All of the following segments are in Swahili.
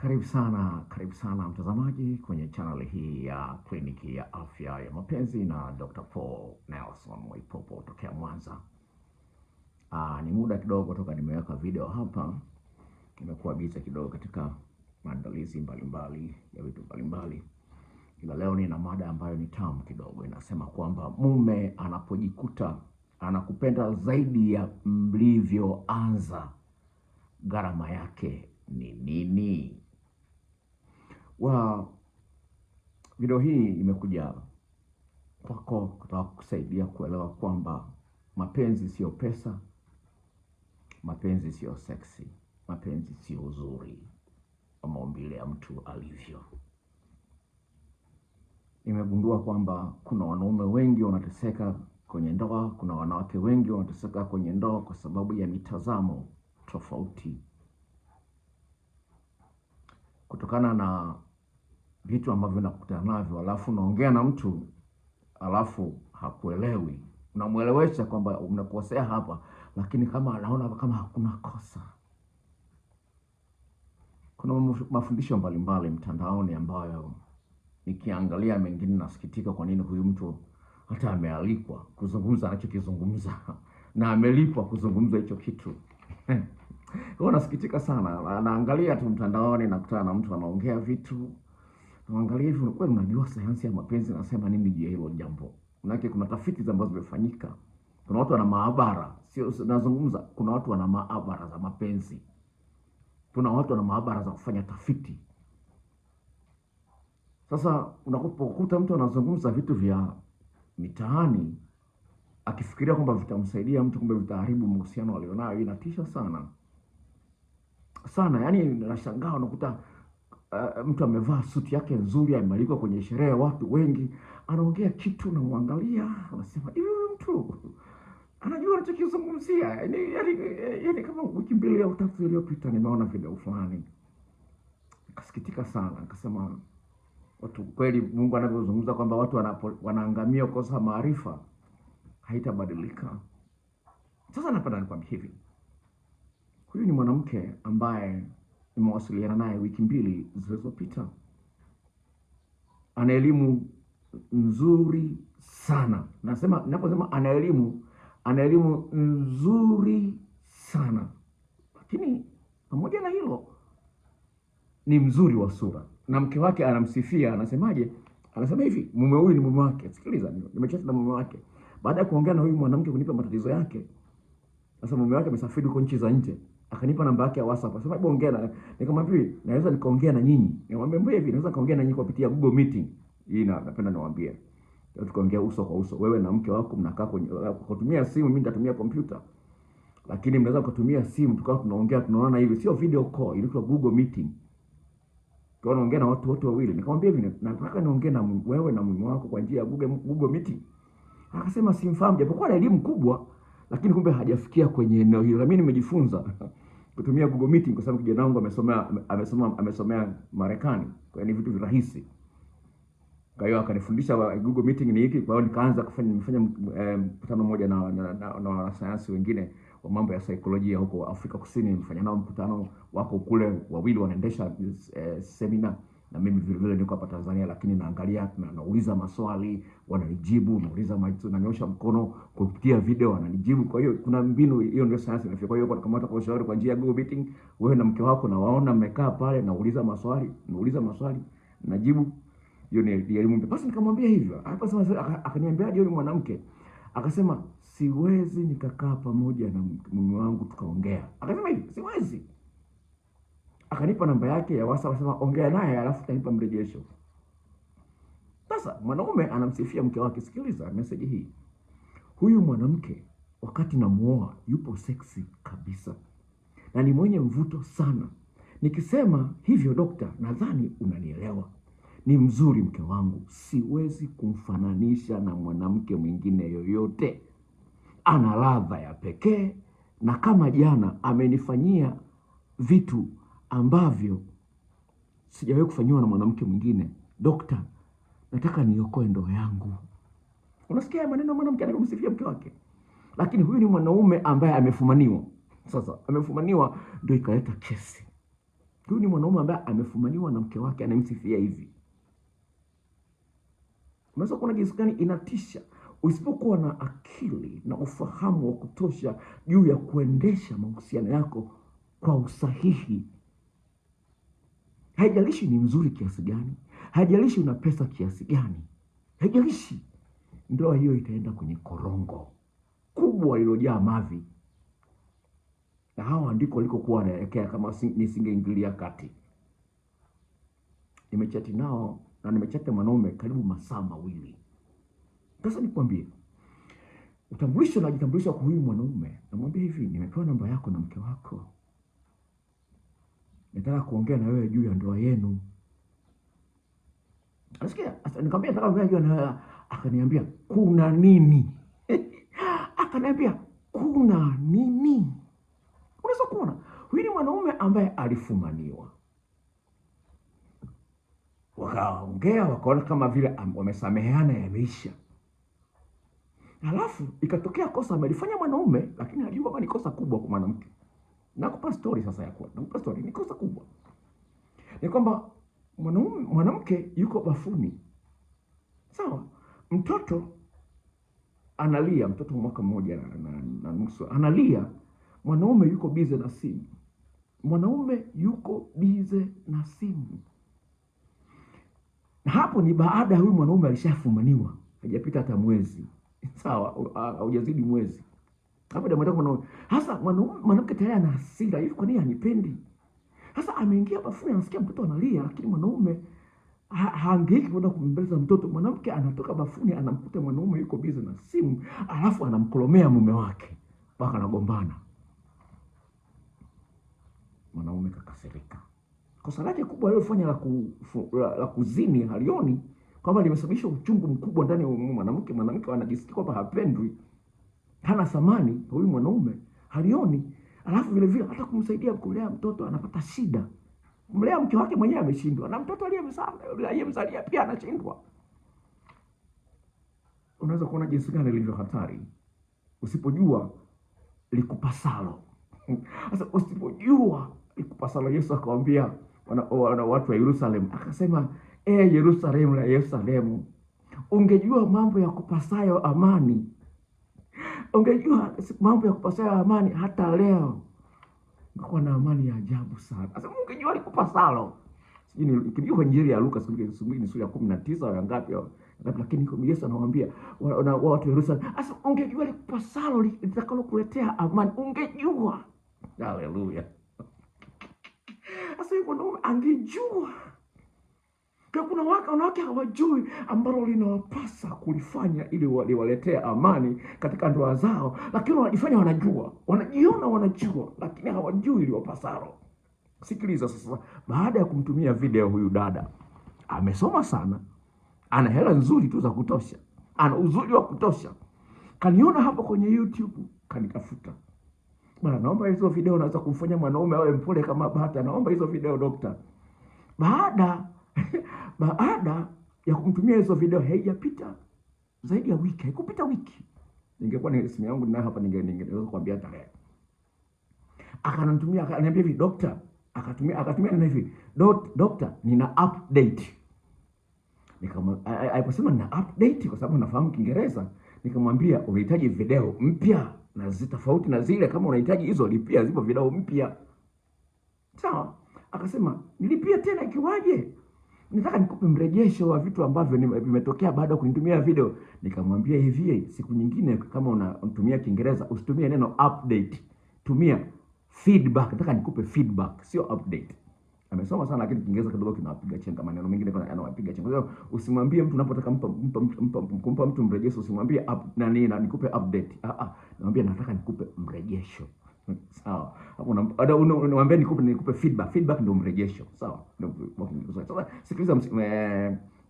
Karibu sana, karibu sana mtazamaji kwenye chaneli hii ya kliniki ya afya ya mapenzi na Dr. Paul Nelson Mwaipopo tokea Mwanza. Aa, ah, ni muda kidogo toka nimeweka video hapa, nimekuwa biza kidogo katika maandalizi mbalimbali ya vitu mbalimbali, ila leo nina mada ambayo ni tamu kidogo. Inasema kwamba mume anapojikuta anakupenda zaidi ya mlivyoanza, gharama yake ni nini? Well, video hii imekuja kwako kutaka kukusaidia kuelewa kwamba mapenzi sio pesa, mapenzi sio seksi, mapenzi sio uzuri wa maumbile ya mtu alivyo. Nimegundua kwamba kuna wanaume wengi wanateseka kwenye ndoa, kuna wanawake wengi wanateseka kwenye ndoa kwa sababu ya mitazamo tofauti kutokana na vitu ambavyo nakutana navyo, alafu unaongea na mtu alafu hakuelewi, unamwelewesha kwamba unakosea hapa, lakini kama anaona kama hakuna kosa. Kuna mafundisho mbalimbali mtandaoni ambayo nikiangalia mengine nasikitika, kwa nini huyu mtu hata amealikwa kuzungumza anachokizungumza na amelipwa kuzungumza hicho kitu huwa nasikitika sana. Anaangalia tu mtandaoni, nakutana na mtu anaongea vitu hivi, unakuwa unajua sayansi ya mapenzi nasema nini juu ya hilo jambo. Manake kuna tafiti ambazo zimefanyika. Kuna watu wana maabara, sio nazungumza, kuna watu wana maabara za mapenzi. Kuna watu wana maabara za kufanya tafiti. Sasa unakuta mtu anazungumza vitu vya mitaani akifikiria kwamba vitamsaidia mtu, kumbe vitaharibu mahusiano alionayo. Inatisha sana sana, yani nashangaa, unakuta Eh, mtu amevaa suti yake nzuri, amealikwa kwenye sherehe, watu wengi, anaongea kitu, namwangalia, anasema hivi, mtu anajua anachokizungumzia. Yani yaani, yaani kama wiki mbili au tatu iliyopita nimeona video fulani, nikasikitika sana, nikasema watu kweli, Mungu anavyozungumza kwamba watu wanapo, wanaangamia kosa maarifa, haitabadilika. Sasa napenda nikwambia hivi, huyu ni mwanamke ambaye nimewasiliana naye wiki mbili zilizopita. Ana elimu nzuri sana. Nasema, naposema ana elimu, ana elimu nzuri sana, lakini pamoja na hilo ni mzuri wa sura, na mke wake anamsifia. Anasemaje? Anasema hivi, mume huyu ni mume wake. Sikiliza, nimechata na mume wake baada ya kuongea na huyu mwanamke kunipa matatizo yake. Sasa mume wake amesafiri huko nchi za nje akanipa namba yake ya WhatsApp. Sasa hebu ongea na nikamwambia hivi, naweza nikaongea na nyinyi. Nikamwambia hivi, naweza kaongea na nyinyi kupitia Google Meeting. Hii na napenda niwaambie. Leo tukaongea uso kwa uso. Wewe na mke wako mnakaa kwenye kutumia simu, mimi nitatumia kompyuta. Lakini mnaweza kutumia simu tukawa tunaongea tunaonana hivi, sio video call, ilikuwa Google Meeting. Kwa naongea na watu wote wawili. Nikamwambia hivi, nataka niongee na wewe na mume wako kwa njia ya Google Google Meeting. Akasema simfahamu japokuwa ana elimu kubwa lakini kumbe hajafikia kwenye eneo hilo. Na mimi nimejifunza kutumia Google Meeting kwa sababu kijana wangu amesomea amesoma amesomea Marekani, kwa hiyo ni vitu virahisi. Kwa hiyo akanifundisha Google Meeting ni hiki, kwa hiyo nikaanza kufanya nimefanya eh, mkutano mmoja na na, na, na wanasayansi wengine wa mambo ya saikolojia huko Afrika Kusini, nimefanya nao mkutano, wako kule wawili wanaendesha eh, semina na mimi vile vile niko hapa Tanzania, lakini naangalia na nauliza maswali, wananijibu, nauliza majibu, nanyosha mkono kupitia video wananijibu. Kwa hiyo kuna mbinu hiyo, ndio sayansi inafika. Kwa hiyo kwa kama kwa ushauri kwa njia ya Google Meeting, wewe na mke wako na waona mmekaa pale, nauliza maswali, nauliza maswali, najibu. Hiyo ni elimu mpya. Basi nikamwambia hivyo, hapa sasa akaniambia, ndio mwanamke akasema, siwezi nikakaa pamoja na mume wangu tukaongea. Akasema hivi, siwezi akanipa namba yake ya WhatsApp, akasema ongea naye, alafu utanipa mrejesho. Sasa mwanaume anamsifia mke wake. Sikiliza message hii, huyu mwanamke wakati namuoa yupo seksi kabisa na ni mwenye mvuto sana. Nikisema hivyo dokta, nadhani unanielewa. Ni mzuri mke wangu, siwezi kumfananisha na mwanamke mwingine yoyote. Ana ladha ya pekee, na kama jana amenifanyia vitu ambavyo sijawahi kufanyiwa na mwanamke mwingine. Dokta, nataka niokoe ndoa yangu. Unasikia maneno, mwanamke anavyomsifia mke wake, lakini huyu ni mwanaume ambaye amefumaniwa. Sasa amefumaniwa ndio ikaleta kesi. Huyu ni mwanaume ambaye amefumaniwa na mke wake anamsifia hivi. Unaweza kuona jinsi gani inatisha usipokuwa na akili na ufahamu wa kutosha juu ya kuendesha mahusiano yako kwa usahihi haijalishi ni mzuri kiasi gani, haijalishi una pesa kiasi gani, haijalishi, ndoa hiyo itaenda kwenye korongo kubwa lilojaa mavi, na hawa ndiko walikokuwa wanaelekea kama nisingeingilia kati. Nimechati nao na nimechati mwanaume karibu masaa mawili. Sasa nikwambie utambulisho, najitambulisha kwa huyu mwanaume, namwambia hivi, nimepewa namba yako na mke wako nataka kuongea na wewe juu ya ndoa yenu. Nasikia nikamwambia nataka kuongea juu ya ndoa, akaniambia kuna nini? akaniambia kuna nini? Unaweza kuona huyu ni mwanaume ambaye alifumaniwa, wakaongea wakaona kama vile wamesameheana, yameisha. Halafu ikatokea kosa amelifanya mwanaume, lakini alijua kama ni kosa kubwa kwa mwanamke. Nakupa stori sasa ya kuwa nakupa stori, ni kosa kubwa ni kwamba mwanamke yuko bafuni, sawa, mtoto analia, mtoto wa mwaka mmoja na, na, na nusu analia, mwanaume yuko bize na simu, mwanaume yuko bize na simu. Na hapo ni baada ya huyu mwanaume alishafumaniwa, hajapita hata mwezi, sawa, haujazidi mwezi hapo ndio mwanamke mwanaume. Sasa mwanamke tayari ana hasira hivi, kwa nini hanipendi? Sasa ameingia bafuni anasikia mtoto analia, lakini mwanaume haangiki kwenda kumbeleza mtoto. Mwanamke anatoka bafuni anamkuta mwanaume yuko bize na simu, alafu anamkolomea mume wake mpaka anagombana. Mwanaume kakasirika. Kosa lake kubwa alilofanya la, la, la kuzini halioni kwamba limesababisha uchungu mkubwa ndani ya mwanamke. Mwanamke anajisikia kwamba hapendwi hana thamani huyu mwanaume halioni, alafu vile vile hata kumsaidia kulea mtoto anapata shida. Mlea mke wake mwenyewe ameshindwa, na mtoto aliyemzalia pia anashindwa. Unaweza kuona jinsi gani lilivyo hatari usipojua likupasalo. Sasa usipojua likupasalo, Yesu akawambia wana, wana watu wa Yerusalemu akasema, e Yerusalemu la Yerusalemu, ungejua mambo ya kupasayo amani Ungejua mambo ya kupasayo amani, hata leo nilikuwa na amani ya ajabu sana. Sasa ungejua likupasalo Ukijua Injili ya Luka ni sura ya kumi na tisa au ngapi, lakini Yesu anawaambia watu wa Yerusalemu, asa ungejua likupasalo litakalo kuletea amani, ungejua. Haleluya! Asa yuko angejua pia kuna wanawake hawajui ambalo linawapasa kulifanya ili waliwaletea amani katika ndoa zao, lakini wanajifanya wanajua, wanajiona wanajua, lakini hawajui liwapasalo. Sikiliza sasa, baada ya kumtumia video huyu dada, amesoma sana, ana hela nzuri tu za kutosha, ana uzuri wa kutosha, kaniona hapo kwenye YouTube, kanitafuta bwana, naomba hizo video, naweza kumfanya mwanaume awe mpole kama bata, naomba hizo video dokta. Baada baada ya kumtumia hizo video, haijapita zaidi ya wiki, haikupita wiki. Ningekuwa ni simu yangu ninayo hapa, ningeweza kuambia tarehe. Akanitumia, akaniambia hivi dokta, akatumia akatumia neno hivi dokta, nina update. Nikamwambia aliposema nina update, kwa sababu nafahamu Kiingereza, nikamwambia unahitaji video mpya na zi na zile, kama unahitaji hizo lipia, zipo video mpya sawa. Akasema nilipia tena, ikiwaje? Nitaka nikupe mrejesho wa vitu ambavyo vimetokea baada ya kunitumia video. Nikamwambia hivi, siku nyingine kama unatumia Kiingereza usitumie neno update, tumia feedback. Nataka nikupe feedback, sio update. Amesoma sana lakini Kiingereza kidogo kinawapiga chenga, maneno mengine kwa anawapiga chenga. Kwa hiyo usimwambie mtu unapotaka mpa mpa mpa kumpa mtu mrejesho, usimwambie up, nani na nikupe update. Ah ah, namwambia nataka nikupe mrejesho sawa. Unaniambia nikupe nikupe feedback. Feedback ndio mrejesho, sawa. Sasa sikiliza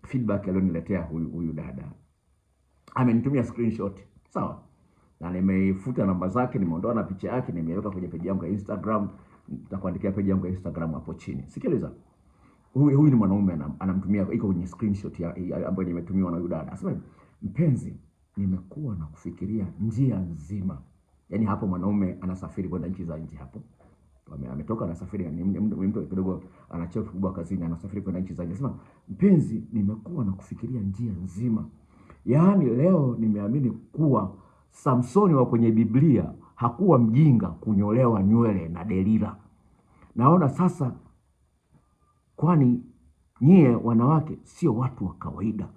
feedback alioniletea huyu huyu dada, amenitumia screenshot, sawa, na nimeifuta namba zake, nimeondoa na picha yake, nimeiweka kwenye page yangu ya Instagram. Nitakuandikia page yangu ya Instagram hapo chini. Sikiliza, huyu huyu ni mwanaume anamtumia, iko kwenye screenshot ya, ambayo nimetumiwa na yule dada. Asema, mpenzi, nimekuwa na kufikiria njia nzima yani hapo mwanaume anasafiri kwenda nchi za nje hapo. Ametoka anasafiri ni mtu kidogo ana cheo kikubwa kazini anasafiri kwenda nchi za nje. Sema "Mpenzi, nimekuwa na kufikiria njia nzima. Yaani leo nimeamini kuwa Samsoni wa kwenye Biblia hakuwa mjinga kunyolewa nywele na Delila. Naona sasa kwani nyie wanawake sio watu wa kawaida,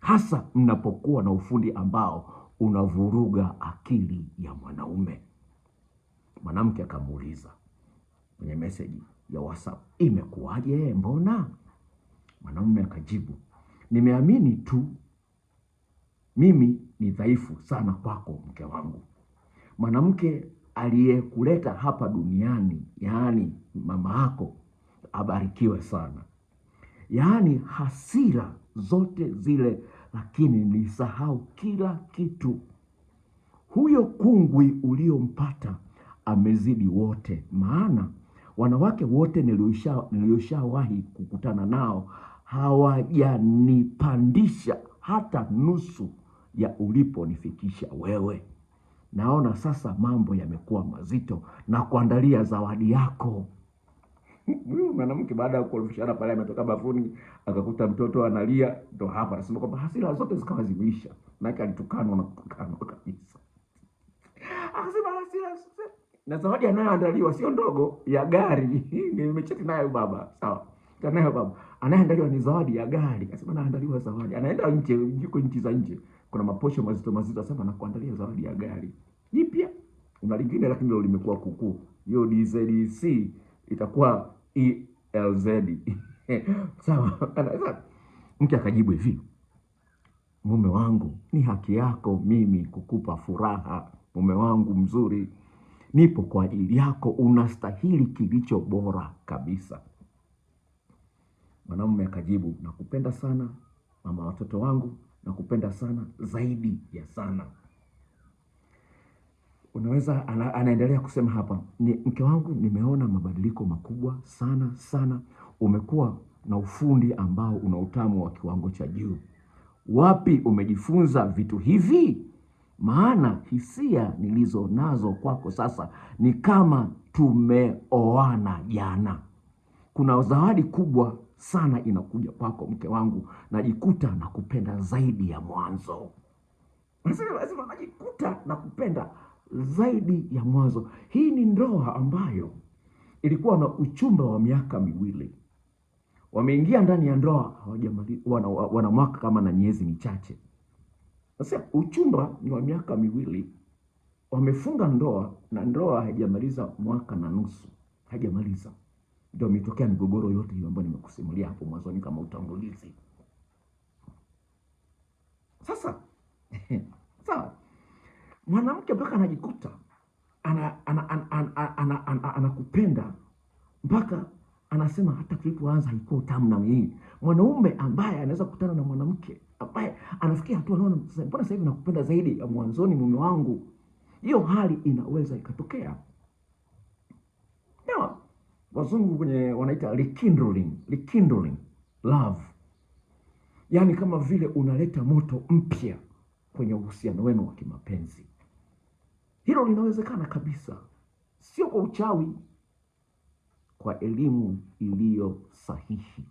hasa mnapokuwa na ufundi ambao unavuruga akili ya mwanaume. Mwanamke akamuuliza kwenye meseji ya WhatsApp, imekuwaje? Mbona? Mwanaume akajibu, nimeamini tu mimi ni dhaifu sana kwako, mke wangu. Mwanamke aliyekuleta hapa duniani, yaani mama yako, abarikiwe sana. Yaani hasira zote zile lakini nilisahau kila kitu. Huyo kungwi uliompata amezidi wote, maana wanawake wote niliyoshawahi kukutana nao hawajanipandisha hata nusu ya uliponifikisha wewe. Naona sasa mambo yamekuwa mazito na kuandalia zawadi yako huyu mwanamke baada ya kukorofishana pale ametoka bafuni akakuta mtoto analia, ndo hapa anasema kwamba hasira zote zikawa zimeisha, maanake alitukanwa na kutukanwa kabisa. Akasema hasira na zawadi anayoandaliwa sio ndogo, ya gari nimecheki nayo baba, sawa nayo baba, anayeandaliwa ni zawadi ya gari. Akasema anaandaliwa zawadi, anaenda nje, yuko nchi za nje, kuna maposho mazito mazito, asema nakuandalia zawadi ya gari jipya. Una lingine lakini ndo limekuwa kukuu, hiyo DZDC itakuwa ELZ. Sawa. Mke akajibu hivi, mume wangu, ni haki yako mimi kukupa furaha, mume wangu mzuri, nipo kwa ajili yako, unastahili kilicho bora kabisa. Mwanamume akajibu, nakupenda sana mama watoto wangu, nakupenda sana zaidi ya sana unaweza ana, anaendelea kusema hapa ni mke wangu, nimeona mabadiliko makubwa sana sana, umekuwa na ufundi ambao una utamu wa kiwango cha juu. Wapi umejifunza vitu hivi? Maana hisia nilizo nazo kwako sasa ni kama tumeoana jana. Kuna zawadi kubwa sana inakuja kwako mke wangu, najikuta na kupenda zaidi ya mwanzo. lazima najikuta na kupenda zaidi ya mwanzo. Hii ni ndoa ambayo ilikuwa na uchumba wa miaka miwili. Wameingia ndani ya ndoa hawajamaliza, wana, wana mwaka kama na miezi michache. Sasa uchumba ni wa miaka miwili, wamefunga ndoa na ndoa haijamaliza mwaka na nusu, haijamaliza ndio imetokea migogoro yote hiyo ambayo nimekusimulia hapo mwanzoni kama utangulizi. Sasa sawa mwanamke mpaka anajikuta anakupenda mpaka anasema hata tulipoanza haikuwa tamu na mimi. Mwanaume ambaye anaweza kukutana na mwanamke ambaye anafikia hatua naona mbona sasa hivi nakupenda zaidi ya mwanzoni mume wangu, hiyo hali inaweza ikatokea. Ndio wazungu kwenye wanaita rekindling, rekindling love, yaani kama vile unaleta moto mpya kwenye uhusiano wenu wa kimapenzi. Hilo linawezekana kabisa, sio kwa uchawi, kwa elimu iliyo sahihi.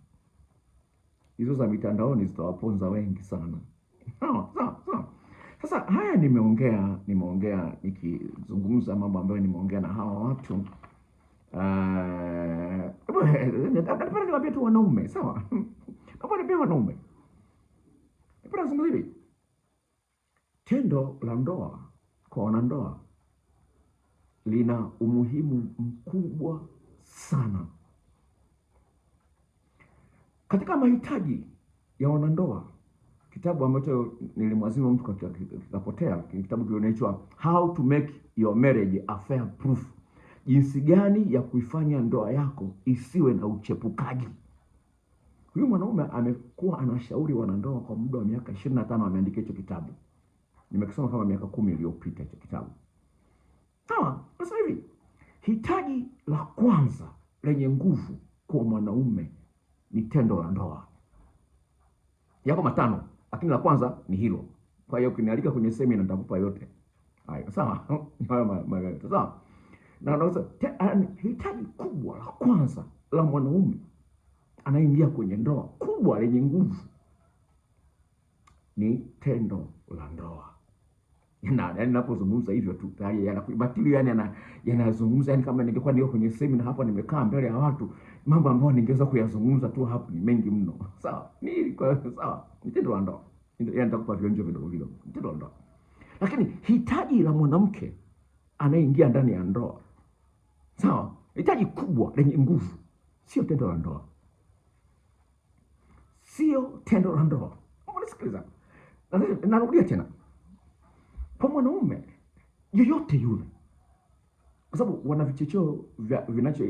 Hizo za mitandaoni zitawaponza wengi sana. Sasa haya nimeongea nimeongea nikizungumza mambo ambayo nimeongea na hawa watu tu wanaume sawa, wanaume, zungumza hivi tendo la ndoa kwa wanandoa lina umuhimu mkubwa sana katika mahitaji ya wanandoa. Kitabu ambacho nilimwazima mtu kikapotea, kitabu kinaitwa How to Make Your Marriage a Proof, jinsi gani ya kuifanya ndoa yako isiwe na uchepukaji. Huyu mwanaume amekuwa anashauri wanandoa kwa muda wa miaka ishirini na tano ameandika hicho kitabu. Nimekisoma kama miaka kumi iliyopita hicho kitabu. Sawa, Sasa hivi, hitaji la kwanza lenye nguvu kwa mwanaume ni tendo la ndoa. Yako matano, lakini la kwanza ni hilo. Kwa hiyo ukinialika kwenye semina nitakupa yote hayo, sawa? Sawa. Na naweza ah, hitaji kubwa la kwanza la mwanaume anaingia kwenye ndoa kubwa lenye nguvu ni tendo la ndoa na yani, ninapozungumza hivyo tu tayari yana yanakubatili yani, yanazungumza yani, kama ningekuwa niko kwenye semina hapa nimekaa mbele ya watu, mambo ambayo ningeweza kuyazungumza tu hapo ni mengi mno. Sawa, ni kwa sawa, mtindo wa ndoa yani nitakupa vionjo vidogo vidogo, mtindo wa ndoa. Lakini hitaji la mwanamke anayeingia ndani ya ndoa, sawa, hitaji kubwa lenye nguvu, sio tendo la ndoa, sio tendo la ndoa. Mbona sikiliza, narudia tena kwa mwanaume yoyote yule, kwa sababu wana vichocheo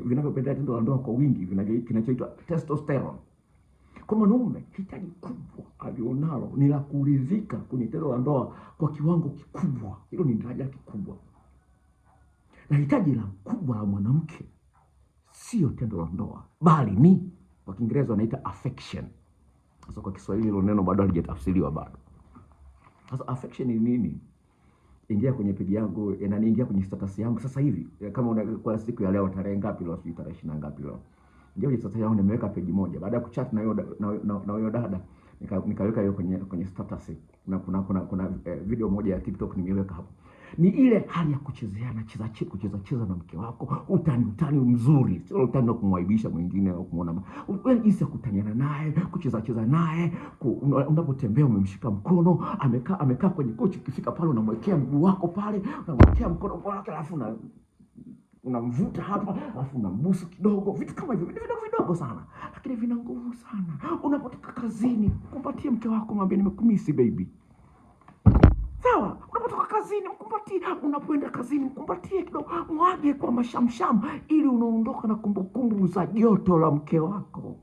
vinavyopendea tendo la ndoa kwa wingi kinachoitwa testosterone. Kwa mwanaume hitaji kubwa alionalo ni la kuridhika kwenye tendo la ndoa kwa kiwango kikubwa, hilo ni daraja kubwa na hitaji la kubwa la mwanamke sio tendo la ndoa, bali ni kwa Kiingereza wanaita affection. Sasa kwa Kiswahili hilo neno bado halijatafsiriwa bado. Sasa affection ni nini? ingia kwenye peji yangu eh, na niingia kwenye status yangu sasa hivi eh, kama una, kwa siku ya leo tarehe ngapi leo, sijui tarehe 20 ngapi leo, ingia kwenye status yangu, nimeweka peji moja. Baada ya kuchat na huyo na hiyo dada, nikaweka hiyo kwenye kwenye status. Kuna kuna kuna, kuna eh, video moja ya TikTok nimeweka hapo ni ile hali ya kuchezeana cheza kucheza cheza na mke wako, utani utani mzuri, sio utani wa kumwaibisha mwingine au wewe, yaani jinsi ya kutaniana naye, kucheza cheza naye. Unapotembea umemshika mkono, amekaa amekaa kwenye kochi, ukifika pale unamwekea mguu wako pale, unamwekea mkono wake, alafu na unamvuta hapa, alafu unambusu kidogo, vitu kama hivyo, vitu vidogo vidogo sana, lakini vina nguvu sana. Unapotoka kazini, kumpatie mke wako, mwambie nimekumisi baby sawa. Unapotoka kazini mkumbatie, unapoenda kazini mkumbatie kidogo, mwage kwa mashamsham, ili unaondoka na kumbukumbu za joto la mke wako.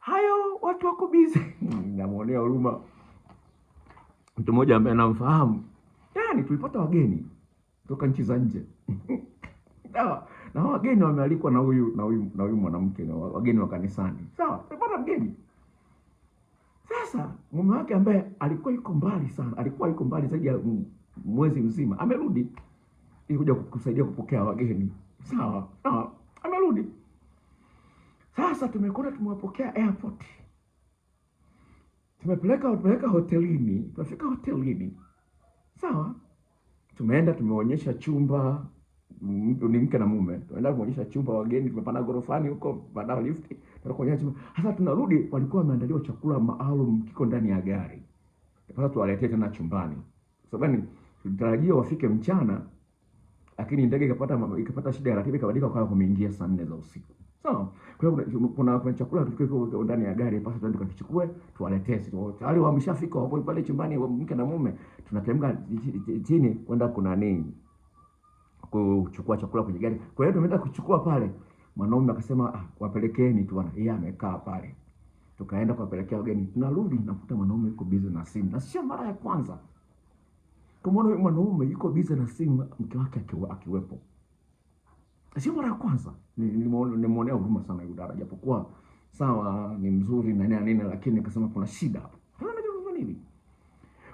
Hayo watu wako bizi. Namwonea huruma mtu mmoja ambaye anamfahamu. yani tulipata wageni kutoka nchi za nje sawa na wageni wamealikwa na huyu na huyu na huyu mwanamke, na wageni wa kanisani sawa, tulipata mgeni sasa mume wake ambaye alikuwa yuko mbali sana, alikuwa yuko mbali zaidi ya mwezi mzima, amerudi ili kuja kusaidia kupokea wageni. Sawa, amerudi. Sasa tumekwenda tumewapokea airport, tumepeleka tumepeleka hotelini, tumefika hotelini, sawa, tumeenda tumeonyesha chumba ni mke na mume, tunaenda kuonyesha chumba wageni, tumepanda gorofani huko, baada ya lifti tunakuonyesha chumba. Sasa tunarudi, walikuwa wameandaliwa chakula maalum kiko ndani ya gari, sasa tuwaletee tena chumbani, sababu tulitarajia wafike mchana, lakini ndege ikapata ikapata shida ya ratiba, ikabadilika kwa kumeingia saa nne za usiku. Sawa. Kwa hiyo kuna kuna chakula kilichokuwa ndani ya gari basi tuende tukachukue tuwaletee. Tayari wameshafika wapo pale chumbani mke na mume tunatemka chini kwenda kuna nini? kuchukua chakula kwenye gari. Kwa hiyo tumeenda kuchukua pale, mwanaume akasema ah, wapelekeni tu bwana, yeye amekaa pale. Tukaenda kuwapelekea wageni, tunarudi nakuta mwanaume yuko busy na simu, na sio mara ya kwanza tumwona huyu mwanaume yuko busy na simu, mke wake akiwepo. Sio mara ya kwanza nimwonea huruma sana yule dada, japokuwa sawa ni mzuri na nini na nini, lakini nikasema kuna shida hapa. Unajua nini?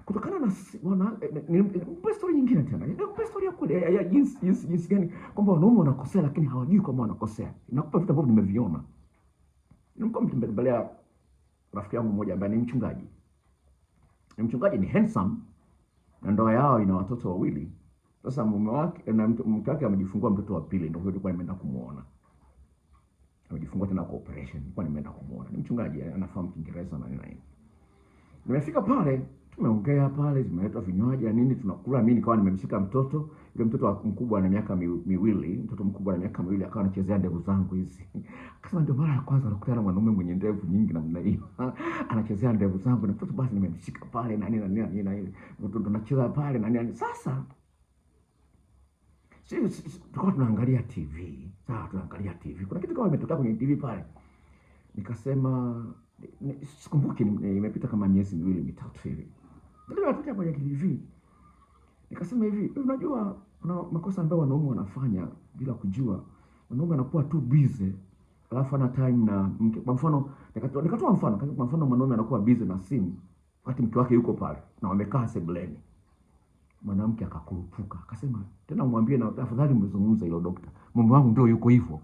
kutokana na wana eh, nimpe story nyingine tena, nimpe story ya kule ya jinsi jinsi jinsi gani kwamba wanaume wanakosea, lakini hawajui kwamba wanakosea. Nakupa vitu ambavyo nimeviona. Nilikuwa mtembelea rafiki yangu mmoja ambaye ni mchungaji, ni mchungaji, ni handsome na ndoa yao ina watoto wawili. Sasa mume wake na mke wake amejifungua mtoto wa pili, ndio nilikuwa nimeenda kumuona. Amejifungua tena kwa operation, nilikuwa nimeenda kumuona. Ni mchungaji, anafahamu Kiingereza na nini. Nimefika pale tumeongea pale, zimeletwa vinywaji na nini, tunakula. Mimi nikawa nimemshika mtoto yule, mtoto mkubwa ana miaka miwili, mtoto mkubwa ana miaka miwili, akawa anachezea ndevu zangu hizi. Akasema ndio mara ya kwanza nakutana na mwanaume mwenye ndevu nyingi namna hiyo, anachezea ndevu zangu na mtoto. Basi nimemshika pale na nini na nini na nini na nini, mtoto tunacheza pale na nini. Sasa sisi tulikuwa tunaangalia TV, sawa, tunaangalia TV, kuna kitu kama imetokea kwenye TV pale, nikasema sikumbuki, imepita kama miezi miwili mitatu hivi Nilipita kwenye TV nikasema hivi, eh, unajua kuna makosa ambayo wanaume wanafanya bila kujua. Wanaume anakuwa tu busy alafu ana time na mke. Kwa mfano nikatoa nikatoa mfano, kwa mfano mwanaume anakuwa busy na simu wakati mke wake yuko pale na wamekaa sebuleni. Mwanamke akakurupuka akasema, tena mwambie na tafadhali, mmezungumza hilo dokta, mume wangu ndio yuko hivyo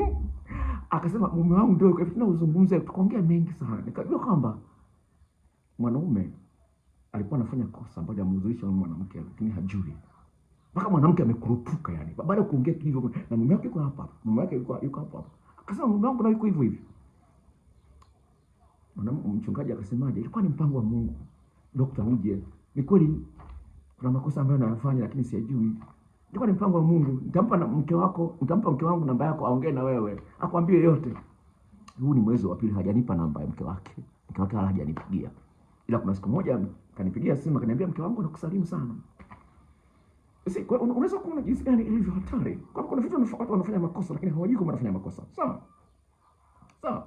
akasema mume wangu ndio yuko hivyo, tuna uzungumze, tukaongea mengi sana, nikajua kwamba mwanaume alikuwa anafanya kosa ambalo amuzuisha mwanamke, lakini hajui mpaka mwanamke amekurupuka. Yani baada ya kuongea tu hivyo, na mume wake yuko hapa, mume wake yuko yuko hapa, akasema mume wangu na yuko hivyo hivyo. Mwanamke mchungaji akasemaje? Ilikuwa ni mpango wa Mungu, dokta uje. Ni kweli kuna makosa ambayo nayafanya, lakini siyajui Ilikuwa ni mpango wa Mungu, nitampa na mke wako, nitampa mke wangu namba yako, aongee na wewe, akwambie yote. Huu ni mwezi wa pili, hajanipa namba ya mke wake, mke wake hajanipigia. Ila kuna siku moja kanipigia simu akaniambia, mke wangu anakusalimu sana. Sisi kwa unaweza kuona jinsi gani ilivyo hatari. Kwa kuna vitu watu wanafanya makosa lakini hawajui kwamba wanafanya makosa. Sawa? Sawa.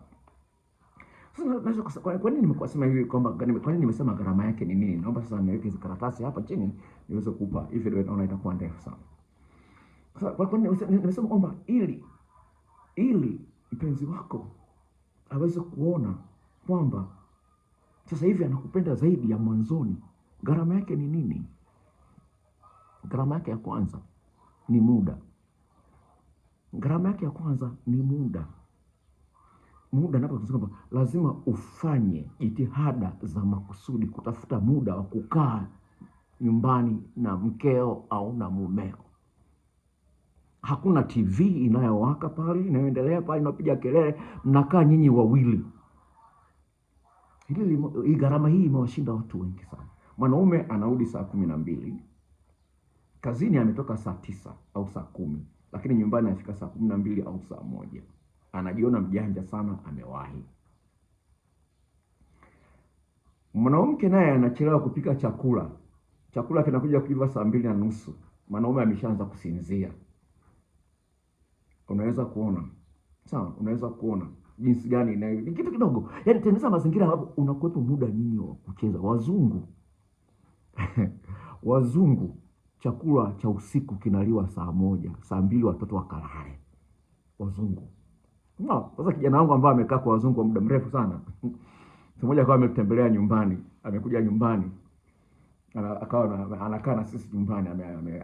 Sasa naweza kusema kwa nini nimekuwa sema hivi kwamba kwa nini nimesema gharama yake ni nini? Naomba sasa niweke hizo karatasi hapa chini niweze kukupa hivi ndio naona itakuwa ndefu sana. Sasa kwa kwa nini nimesema kwamba ili ili mpenzi wako aweze kuona kwamba sasa hivi anakupenda zaidi ya mwanzoni. Gharama yake ni nini? Gharama yake ya kwanza ni muda. Gharama yake ya kwanza ni muda. Muda napokwamba lazima ufanye jitihada za makusudi kutafuta muda wa kukaa nyumbani na mkeo au na mumeo. Hakuna TV inayowaka pale, inayoendelea pale, inapiga kelele, mnakaa nyinyi wawili hili hii gharama hii imewashinda watu wengi sana. Mwanaume anarudi saa kumi na mbili kazini, ametoka saa tisa au saa kumi, lakini nyumbani anafika saa kumi na mbili au saa moja. Anajiona mjanja sana, amewahi. Mwanamke naye anachelewa kupika chakula, chakula kinakuja kuiva saa mbili na nusu, mwanaume ameshaanza kusinzia. Unaweza kuona sawa, unaweza kuona jinsi gani na ni kitu kidogo, yaani tengeneza mazingira ambapo unakuwepo muda nyinyi wa kucheza. Wazungu wazungu chakula cha usiku kinaliwa saa moja, saa mbili watoto wakalale. Wazungu no. Sasa kijana wangu ambaye amekaa kwa wazungu kwa muda mrefu sana, mmoja akawa ametembelea nyumbani, amekuja nyumbani akawa anakaa na sisi nyumbani,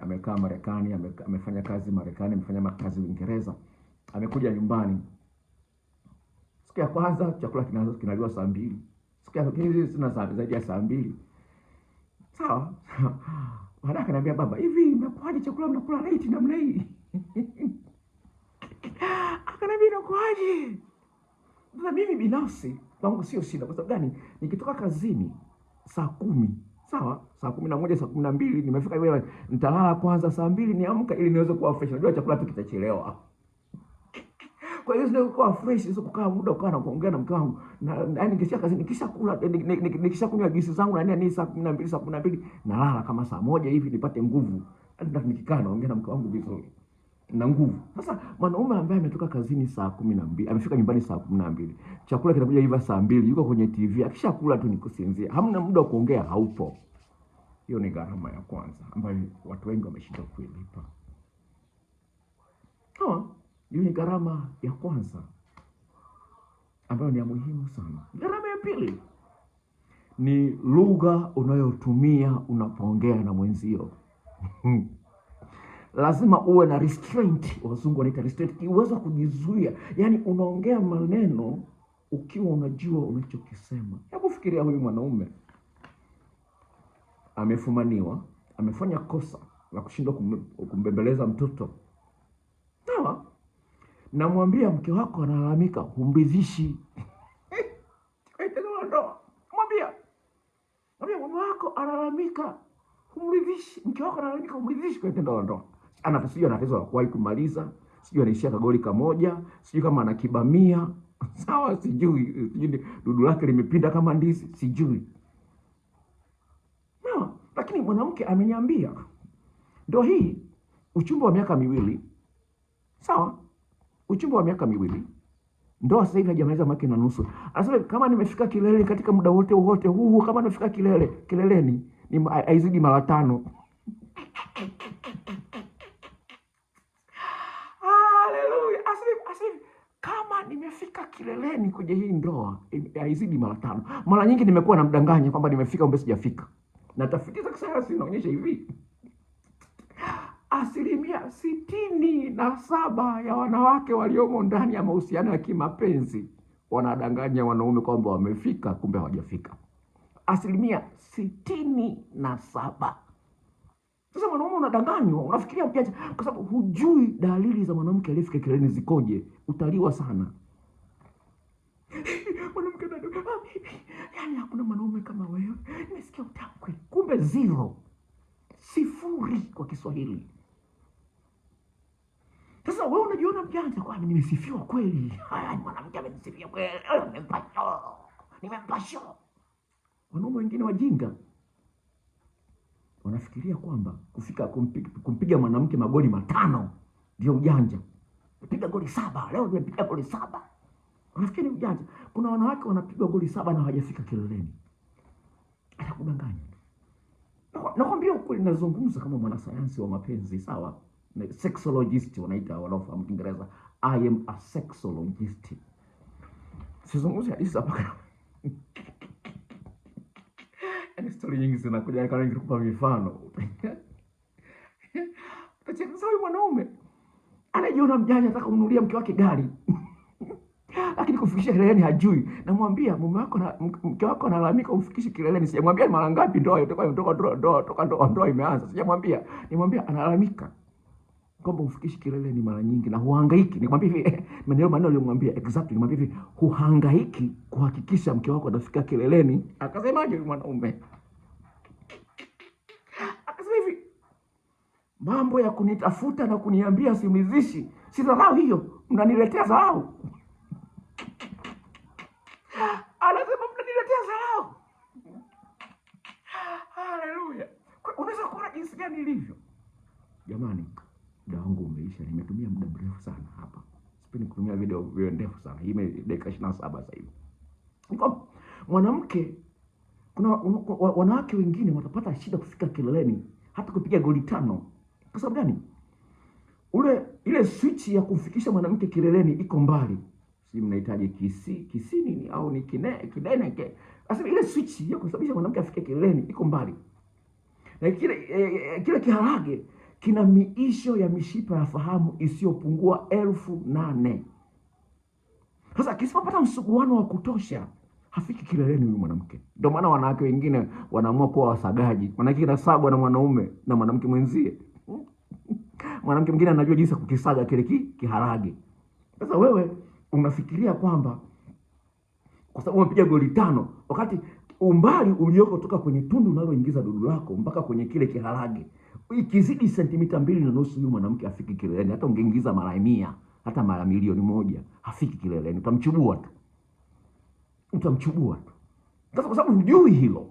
amekaa Marekani, amefanya kazi Marekani, amefanya makazi Uingereza, amekuja nyumbani Siku ya kwanza chakula kinaanza kinaliwa saa mbili, siku ya pili sina saa zaidi ya saa mbili. Sawa baada akaniambia, baba, hivi mnakuaje chakula mnakula late namna hii? Akaniambia, inakuaje? Sasa mimi binafsi kwangu sio shida. Kwa sababu gani? Nikitoka kazini saa kumi sawa, saa kumi na moja saa kumi na mbili nimefika, nitalala kwanza saa mbili niamka, ili niweze kuwa fresh. Najua chakula tu kitachelewa. Kwa hiyo sio kwa fresh, sio kukaa muda ukawa na kuongea na mke wangu. Na yaani nikisha kazi nikisha kula nikisha kunywa juisi zangu na nini saa 12 saa 12 nalala kama saa moja hivi nipate nguvu. Hata yaani nikikaa naongea na mke wangu vizuri. Na nguvu. Sasa mwanaume ambaye ametoka kazini saa 12, amefika nyumbani saa 12. Chakula kinakuja hivi saa 2, yuko kwenye TV. Akishakula tu nikusinzia. Hamna muda wa kuongea haupo. Hiyo ni gharama ya kwanza ambayo watu wengi wameshindwa kuilipa. Sawa? Hiyo ni gharama ya kwanza ambayo ni ya muhimu sana. Gharama ya pili ni lugha unayotumia unapoongea na mwenzio. Lazima uwe na restraint, wazungu wanaita restraint, uwezo wa kujizuia. yani unaongea maneno ukiwa unajua unachokisema. Hebu fikiria huyu mwanaume amefumaniwa, amefanya kosa la kushindwa kumbembeleza mtoto, sawa? namwambia mke wako analalamika, humridhishi. Ndoa mwambia, mwambia mume wako analalamika, humridhishi. Mke wako analalamika, humridhishi kwa tendo la ndoa. Ana sijui ana tatizo la kuwahi kumaliza, sijui anaishia kagoli kamoja, sijui kama ana kibamia sawa, sijui sijui dudu lake limepinda kama ndizi, sijui no. Lakini mwanamke ameniambia ndo hii uchumba wa miaka miwili sawa uchumba wa miaka miwili, ndoa sasa hivi hajamaliza mwaka na nusu. Anasema kama nimefika kilele katika muda wote wote huu, kama nimefika kilele kileleni, ni haizidi mara tano. Haleluya! Asema kama nimefika kileleni kwenye hii ndoa haizidi mara tano. Mara nyingi nimekuwa namdanganya kwamba nimefika, kumbe sijafika, na tafiti za kisayansi zinaonyesha hivi asilimia sitini na saba ya wanawake waliomo ndani ya mahusiano ya kimapenzi wanadanganya wanaume kwamba wamefika, kumbe hawajafika. Asilimia sitini na saba. Sasa mwanaume unadanganywa, unafikiria mjanja, kwa sababu hujui dalili za mwanamke aliyefika kileleni zikoje. Utaliwa sana mwanamke, ah, yani, hakuna mwanaume kama wewe, nimesikia utakwe. Kumbe zero, sifuri kwa Kiswahili. Sasa wewe unajiona mjanja, kwa nimesifiwa kweli. Haya, mwanamke amenisifia kweli, nimempa sho, nimempa sho. Wanaume wengine wajinga wanafikiria kwamba kufika kumpiga, kumpiga mwanamke magoli matano ndio ujanja. Piga goli saba leo, nimepiga goli saba. Unafikiri ujanja? Kuna wanawake wanapigwa goli saba na hawajafika kileleni. Atakudanganya. Nakwambia ukweli, nazungumza kama mwanasayansi wa mapenzi, sawa? sexologist wanaita wanaofahamu Kiingereza, I am a sexologist. Sizungumzi hadithi za paka yani story nyingi zinakuja, yaani kama ningekupa mifano utacheka. Sawa, mwanaume anajiona mjanja, anataka kumnunulia mke wake gari lakini kufikisha kileleni hajui. Namwambia mume wako na mke wako analalamika umfikishe kileleni. Sijamwambia mara ngapi ndoa ndoa ndoa ndoa imeanza, sijamwambia, nimwambia analalamika kwamba kilele kileleni mara nyingi na huhangaiki. Nikwambia hivi maneno maneno aliyomwambia exactly, nikwambia hivi huhangaiki kuhakikisha mke wako anafika kileleni. Akasemaje huyu mwanaume? Akasema hivi, mambo ya kunitafuta na kuniambia simizishi, si dharau hiyo, mnaniletea dharau. Anasema mnaniletea dharau. Haleluya! Unaweza kuona jinsi gani ilivyo jamani kujiburudisha. Nimetumia muda mrefu sana hapa, sipendi kutumia video video ndefu sana. Hii dakika ishirini na saba sasa hivi. Mwanamke, kuna wanawake wengine watapata shida kufika kileleni, hata kupiga goli tano. Kwa sababu gani? Ule ile switch ya kumfikisha mwanamke kileleni iko mbali. Si mnahitaji kisi kisi nini au ni kine kidene ke. Asema ile switch ya kusababisha mwanamke afike kileleni iko mbali. Na kile e, kile kiharage kina miisho ya mishipa ya fahamu isiyopungua elfu nane. Sasa kisipopata msuguano wa kutosha hafiki kileleni huyu mwanamke. Ndio maana wanawake wengine wanaamua kuwa wasagaji, manake kinasagwa na mwanaume na mwanamke mwenzie. mwanamke mwingine anajua jinsi ya kukisaga kile ki kiharage. Sasa wewe unafikiria kwamba kwa sababu umepiga goli tano wakati umbali ulioko kutoka kwenye tundu unaloingiza dudu lako mpaka kwenye kile kiharage ikizidi sentimita mbili na nusu, huyu mwanamke afiki kileleni. Hata ungeingiza mara mia, hata mara milioni moja, hafiki kileleni, utamchubua tu, utamchubua tu. Sasa kwa sababu hujui hilo,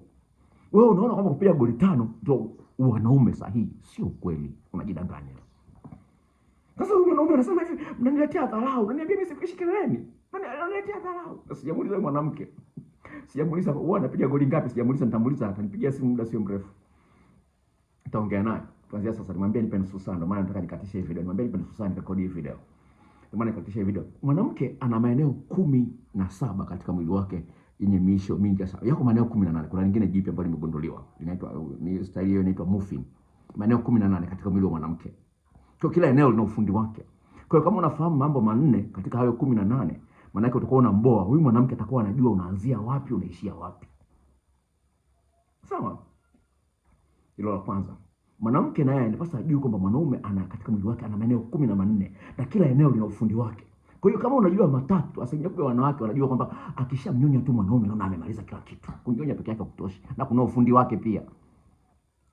wewe unaona kwamba kupiga goli tano ndio wanaume sahihi. Sio kweli, unajidanganya. Sasa huyu mwanaume anasema hivi, mnaniletea dharau, naniambia mimi sifikishi kileleni, mnaniletea dharau. Sasa jamhuri ya mwanamke Sijamuuliza wewe anapiga goli ngapi? Sijamuuliza, nitamuuliza atanipigia simu muda sio mrefu. Nitaongea naye. Kuanzia sasa nimwambia nipe nusu saa, ndio maana nataka nikatishe hii video. Nimwambia nipe nusu saa nikarekodi hii video. Ndio maana nikatishe hii video. Mwanamke ana maeneo kumi na saba katika mwili wake yenye miisho mingi sana. Yako maeneo 18. Kuna nyingine jipya ambayo limegunduliwa. inaitwa ni style hiyo inaitwa muffin. Maeneo 18 katika mwili wa mwanamke. Kwa kila eneo lina ufundi wake. Kwa hiyo kama unafahamu mambo manne katika hayo 18 Maanake utakuwa unamboa huyu mwanamke, atakuwa anajua unaanzia wapi unaishia wapi. Sawa, hilo la kwanza. Mwanamke naye anapaswa ajue kwamba mwanaume ana katika mwili wake ana maeneo kumi na manne na kila eneo lina ufundi wake. Kwa hiyo kama unajua matatu, asilimia kubwa wanawake wanajua kwamba akishamnyonya tu mwanaume naona amemaliza kila kitu. Kunyonya peke yake hakutoshi, na kuna ufundi wake pia,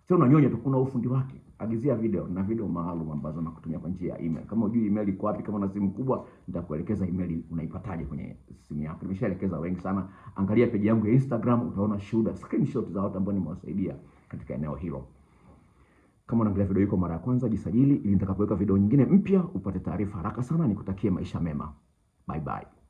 sio unanyonya tu, kuna ufundi wake agizia video na video maalum ambazo nakutumia kwa njia ya email. Kama hujui email iko wapi, kama una simu kubwa, nitakuelekeza email unaipataje kwenye simu yako. Nimeshaelekeza wengi sana. Angalia page yangu ya Instagram, utaona shuhuda, screenshot za watu ambao nimewasaidia katika eneo hilo. Kama unaangalia video iko mara ya kwanza, jisajili ili nitakapoweka video nyingine mpya upate taarifa haraka sana. Nikutakie maisha mema, bye bye.